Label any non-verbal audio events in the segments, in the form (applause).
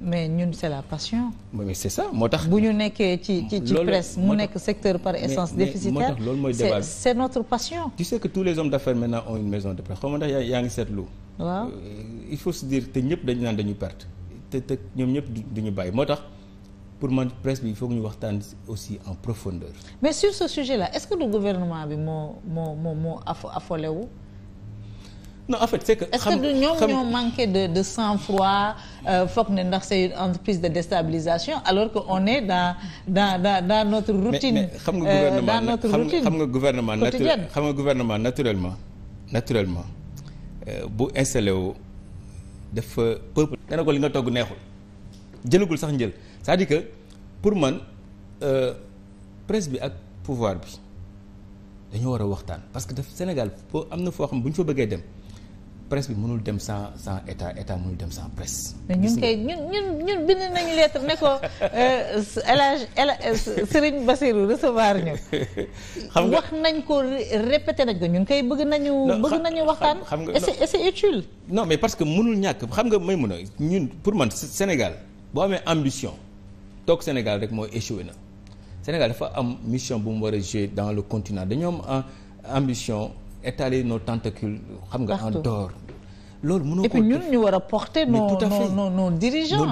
mais ñun c'est la passion. mais c'est ça moo tax. bu ñu nekkee ci ci ci presse mu nekk secteur par essence. déficitaire loolu mooy débat c'est notre passion. tu que tous les hommes d'affaires maintenant ont une maison de presse xaw ma ndax yaa ngi seetlu. waaw euh, il faut se dire te ñëpp dañu naan dañuy perte te te ñoom du ñu bàyyi moo tax pour man presse bi il ñu waxtaan aussi en profondeur. mais sur ce sujet là est-ce que le gouvernement bi moo moo moo moo affolé wu. non en fait c'est que. est-ce que du ñoom ñoo manqué de de sang-froid euh, foog ne ndax c'est entreprise de déstabilisation alors que on est dans dans dans, dans notre routine. xam nga euh, gouvernement dans notre routine xam nga gouvernement naturel xam nga gouvernement naturellement naturellement euh, bu installé wu dafa peuple. dana ko li nga togg neexul jëlagul sax njël cest à que pour man euh, presse bi ak pouvoir bi dañoo war a waxtaan parce que daf Sénégal foo am na foo xam bu ñu fa bëggee dem. presse bi mënul dem sans sans état état mënul dem sans presse. mais ñun kay ñun ñun ñun bind nañu lettre ne ko euh, El Hadj El euh, Serigne Bassirou recevoir ñu. (laughs) xam nga wax nañ ko répété nañ ko ñun kay bëgg nañu. bëgg nañu waxtaan xam nga et c'est utile. non mais parce que mënul ñàkk xam nga may mën a ñun pour man Sénégal boo amee ambition toog Sénégal rek mooy échoué na Sénégal dafa am mission bu mu war a jouer dans le continent dañoo am euh, ambition. noo nos tentacules xam nga en dehors loolu mënoo ko et ñu war a porter nos nos nos nos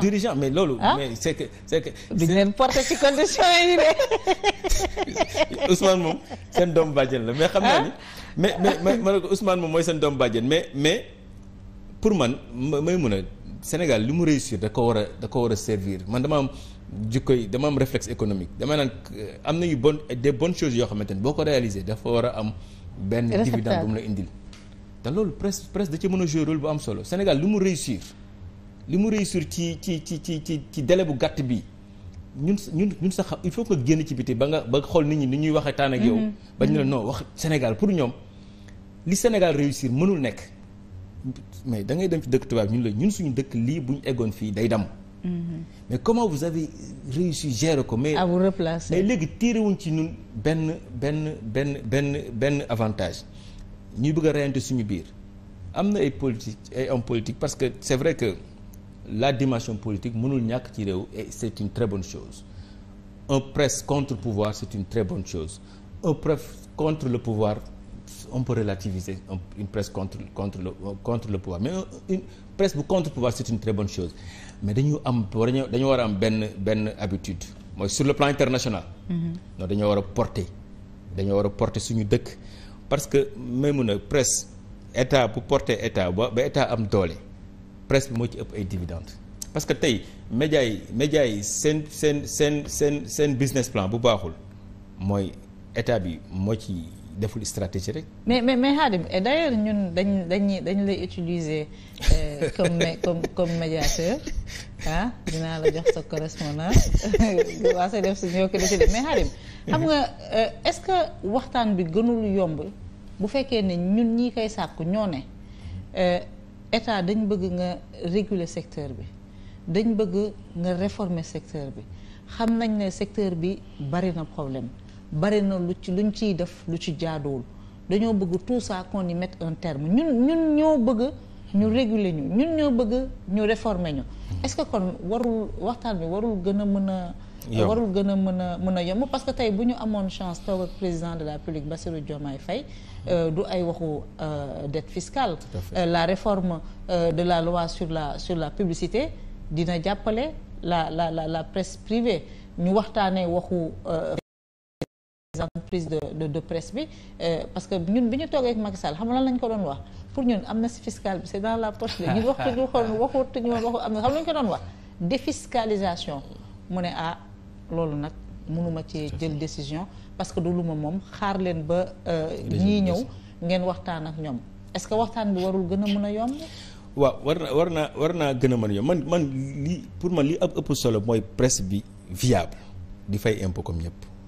dirigeants mais loolu. Ah? mais c'est que c'est que. di leen porter ci condition yi de. (laughs) Ousmane moom seen doom bàjjen la mais xam naa ni. Ah? mais mais ma ne ko Ousmane moom mooy seen doom bàjjen mais mais pour man may mun a Sénégal li mu réussir da ko war a da ko war a servir man dama am jikko yi dama am réflexe économique dama naan euh, am nañu bon des bonnes chose yoo xamante ni boo ko réaliser dafa war a am. benn bi dividende bu mu la indil te loolu presse presse da ci mën a jouer rôle bu am solo Sénégal li mu réussir li mu réussir ci ci ci ci ci ci délai bu gàtt bi ñun ñun ñun sax il faut que génn ci biti ba nga ba xool nit ñi ni ñuy waxee taan ak yow mm-hmm. ba ñu la mm-hmm. non wax Sénégal pour ñoom li Sénégal réussir mënul nekk mais da ngay dem ci dëkk tubaab ñun la ñun suñu dëkk lii bu ñu eggoon fii day dam Mm-hmm. mais comment vous avez réussi gérer ko mais à vous mais léegi tiire wuñ ci ñun benn benn benn benn benn avantage ñuy bëgg a reyante suñu biir am na ay politique ay hommes politique parce que c'est vrai que la dimension politique mënul ñàkk ci réew et c'est une très bonne chose un presse contre pouvoir c'est une très bonne chose un presse contre le pouvoir on peut relativiser une presse contre contre le contre le pouvoir mais euh, une bu contre pouvoir c'est une mais dañu am dañu war a am benn benn habitude mooy sur le plan international. Mhm. non dañoo war a porter dañoo war a porter suñu dëkk parce que même na presse état bu porter état ba ba état am doole presse bi moo ci ëpp ay dividende parce que tey média yi média yi seen seen seen seen seen business plan bu baaxul mooy état bi moo ci. deful stratégie rek. mais mais mais Khadim et d' ailleurs ñun dañ dañ dañ lay utiliser euh, comme comme comme médiateur ah dinaa la jox sa correspondant (laughs) waa sa def suñu yokk décidé mais Khadim. xam nga euh, est ce que waxtaan bi gënul yomb bu fekkee ne ñun ñii kay sàkku ñoo ne euh, état dañ bëgg nga réguler secteur bi dañ bëgg nga réformer secteur bi xam nañ ne secteur bi bari na problème. bare na lu ci luñ ciy def lu ci jaaduwul dañoo bëgg tout ça qu'on ni mette un terme ñun ñun ñoo bëgg ñu réguler ñu ñun ñoo bëgg ñu réformer ñu est-ce que kon warul waxtaan bi warul gën a mën a warul gën a mën a mën a yomb parce que tey bu ñu amoon chance toog ak président de la République Bassirou Diomaye Faye euh, du ay waxu euh, dette fiscale euh, la réforme de la loi sur la sur la publicité dina jàppale la la la la presse privée ñu waxtaanee waxu entreprise de de, de presse bi euh, parce que ñun bi ñu toogee ak Macky xam nga lan lañ ko doon wax pour ñun amnistie fiscale bi c'est dans la poche de ñun waxtuñu waxutuñu waxu am na xam lañ ko doon wax défiscalisation mu ne ah loolu nag mënuma ci jël décision parce que du lu ma moom xaar leen ba euh, ñii ñëw ngeen waxtaan ak ñoom est-ce que waxtaan bi warul gën a mën a yomb waaw war war naa war naa gën a mën yomb man man li pour man li ëpp ëpp solo mooy presse bi viable di fay impôt comme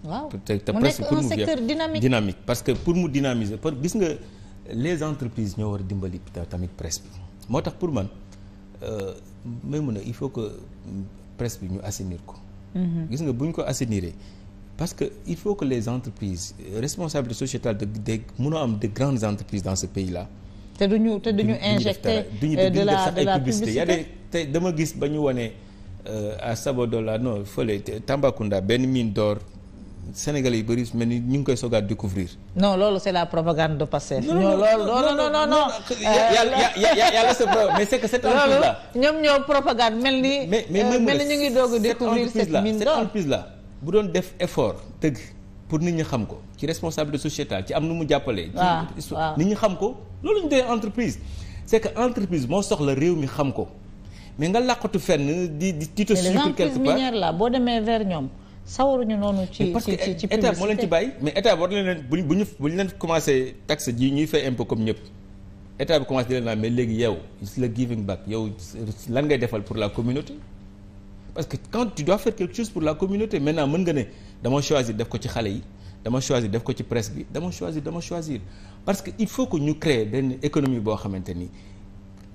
waaw te te presque pour secteur dynamique parce que pour mu dynamiser par gis nga les entreprises ñoo war a dimbali tamit presse bi moo tax pour man euh, may mun a il faut que presse bi ñu assainir ko. Mhm. gis nga bu ñu ko assainiree parce que il faut que les entreprises responsabilité sociétale de de munoo am de grandes entreprises dans ce pays la te du ñu te du ñu injecté euh, de la de la publicité dama gis ba ñu wane euh, à Sabodola non fële Tambacounda benn mine d'or Sénégalais yu bëri mel ni ñu ngi koy soogaat découvrir non loolu c'est la propagande de Pastef. non non non non non yàlla sa preuve mais c'est que cette entreprise là. ñoom ñoo propagande mel ni. mais mais euh, mel ni ñu ngi doog a découvrir cette mine d'or cette entreprise là bu doon def effort dëgg pour nit ñi xam ko ci responsabilité sociétale ci am nu mu jàppalee. ci nit ñi xam ko loolu ñu dee entreprise. c'est que entreprise moo soxla réew mi xam ko mais nga làqatu fenn di di. di te quelque part mais les entreprises minières là boo demee vers ñoom. sawaruñu noonu. ci ci ci ci état moo leen ci bàyyi mais état war na leen bu ñu bu ñu leen commencé taxe ji ñuy fay impôt comme ñëpp état bi commencé di leen naan mais léegi yow la giving back yow lan ngay defal pour la communauté. parce que quand tu dois faire quelque chose pour la communauté maintenant mën nga ne dama choisir def ko ci xale yi dama choisir def ko ci presque bi dama choisir dama choisir parce que il faut que ñu créer benn économie boo xamante ni.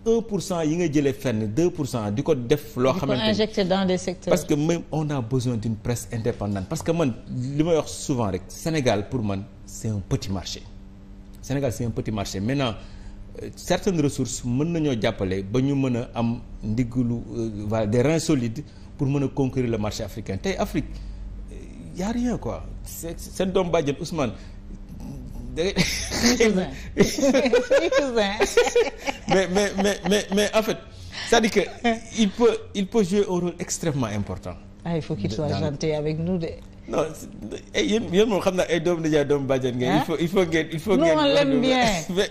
un pour cent yi nga jëlee fenn deux pour cent di ko def. loo xamante ni injecté dans des secteurs. parce que même on a besoin d'une presse indépendante parce que man li may wax souvent rek Sénégal pour man c'est un petit marché Sénégal c'est un petit marché maintenant euh, certaines ressources mën nañoo jàppale ba ñu mën a am ndiglu euh, voilà des reins solides pour mën a conquérir le marché africain tey Afrique euh, y a rien quoi c'est seen doom bàjjen Ousmane. (laughs) mais mais mais mais mais en fait cest à que il peut il peut jouer un rôle extrêmement important. Ah, il faut qu'il soit gentil avec nous de. non eh, yéen yéen moom xam na ay doomu nijaay doomu bàjjen ngeen. il faut il faut ngeen il faut ngeen. nous on l'aime bien. (laughs)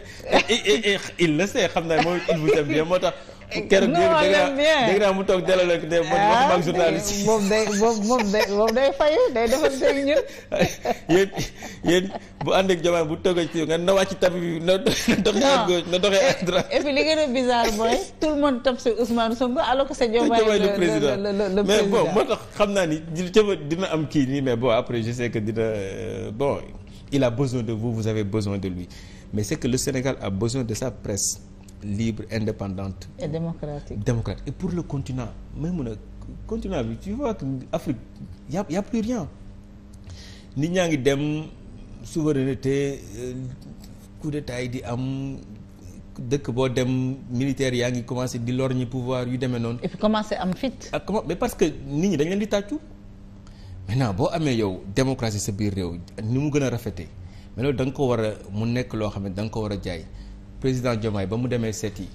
Eh, eh, il le sait xam naa moom il vous aime bien moo tax. keroog dégg mu toog dalal ak de wax ak journaliste. Ah, moom day moom day moom day fay day defal ñun. (laughs) yéen bu ànd ak jamono bu toogee ci nga na wàcc tapis bi na doxee à na doxee à droite. li gën a bizarre mooy tout le monde topp si Ousmane Sonko alors que c'est Diomaye le président mais bon moo tax xam naa ni dina am kii nii mais bon après je sais que dina euh, bon il a besoin de vous vous avez besoin de lui mais c'est que le Sénégal a besoin de sa presse. libre indépendante. et démocratique et pour le continent may mun a continent bi tu vois ak Afrique y a y rien nit ñaa ngi dem souveraineté euh, coup d'état yi di am. dëkk boo dem militaire yaa ngi commencé di lorgner pouvoir yu deme noonu. et puis commencé am fit. ak ah, comment mais parce que nit ñi dañ leen di tàccu maintenant boo amee yow démocratie sa biir réew ni mu gën a rafetee mais loolu da nga ko war a mu nekk loo xam ne da nga ko war a jaay. président Diomaye ba mu demee seeti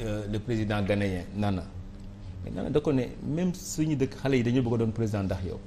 euh, le président ghanéen Nana mais Nana da ko ne même suñu dëkk xale yi dañu bëgg doon président ndax yow